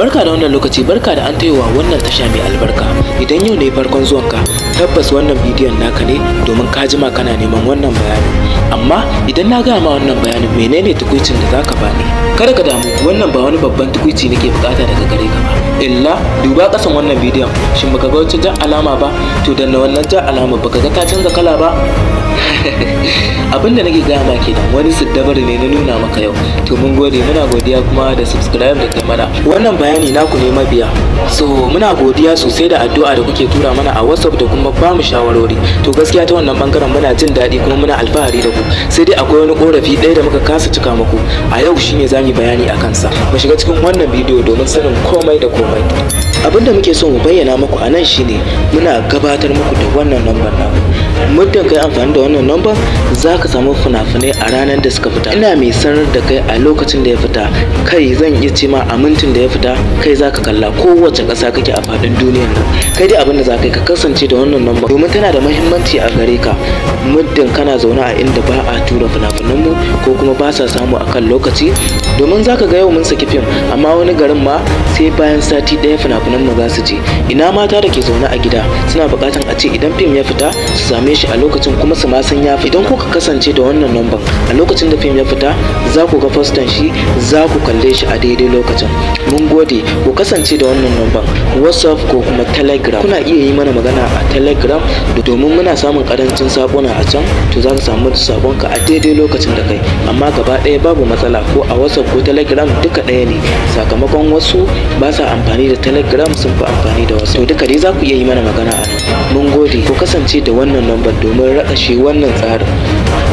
barka da wannan lokaci barka da an ta taiwa wannan tasha mai albarka idan yau ne farkon zuwan ka tabbas wannan bidiyon naka ne domin ka ji ma kana neman wannan bayanin amma idan na gaya ma wannan bayanin menene tukuicin da zaka bani kada ka damu wannan ba wani babban tukuici nake bukata daga gare ka ba illa duba kasan wannan bidiyon shin baka ga wata jan alama ba to danna wannan jan alama baka ga ta canza kala ba abin da nake gaya maka kenan wani siddabar ne na nuna maka yau to mun gode muna godiya kuma da subscribe da kai mana wannan bayani naku ne mabiya so muna godiya sosai da addu'a da kuke tura mana a whatsapp da kuma ba mu shawarori to gaskiya ta wannan bangaren muna jin daɗi kuma muna alfahari da ku sai dai akwai wani korafi ɗaya da muka kasa cika muku a yau shine za mu bayani a kansa mu shiga cikin wannan bidiyo domin sanin komai da komai abin da muke so mu bayyana muku a nan shine muna gabatar muku da wannan lambar namu muddin kai amfani da wannan number za ka samu fina-finai a ranar da suka fita ina mai sanar da kai a lokacin da ya fita kai zan iya ce ma a mintin da ya fita kai za ka kalla kowace ƙasa kake a faɗin duniyar nan kai dai abin da za ka yi ka kasance da wannan number domin tana da muhimmanci a gare ka muddin kana zaune a inda ba a tura fina-finanmu ko kuma ba sa samu a kan lokaci domin za ka ga yau mun saki fim amma wani garin ma sai bayan sati ɗaya fina-finanmu za su je ina mata da ke zaune a gida suna buƙatar a ce idan fim ya fita su sami same shi a lokacin kuma su ma sun ya idan kuka kasance da wannan lambar a lokacin da fim ya fita za ku ga fastan shi za ku kalle shi a daidai lokacin mun gode ku kasance da wannan lambar whatsapp ko kuma telegram kuna iya yi mana magana a telegram domin muna samun karancin sabuna a can to za ka samu sabonka a daidai lokacin da kai amma gaba ɗaya babu matsala ko a whatsapp ko telegram duka ɗaya ne sakamakon wasu ba sa amfani da telegram sun fi amfani da wasu to duka dai za ku iya yi mana magana a mun gode ku kasance da wannan lambar lambar domin raɗa shi wannan tsarin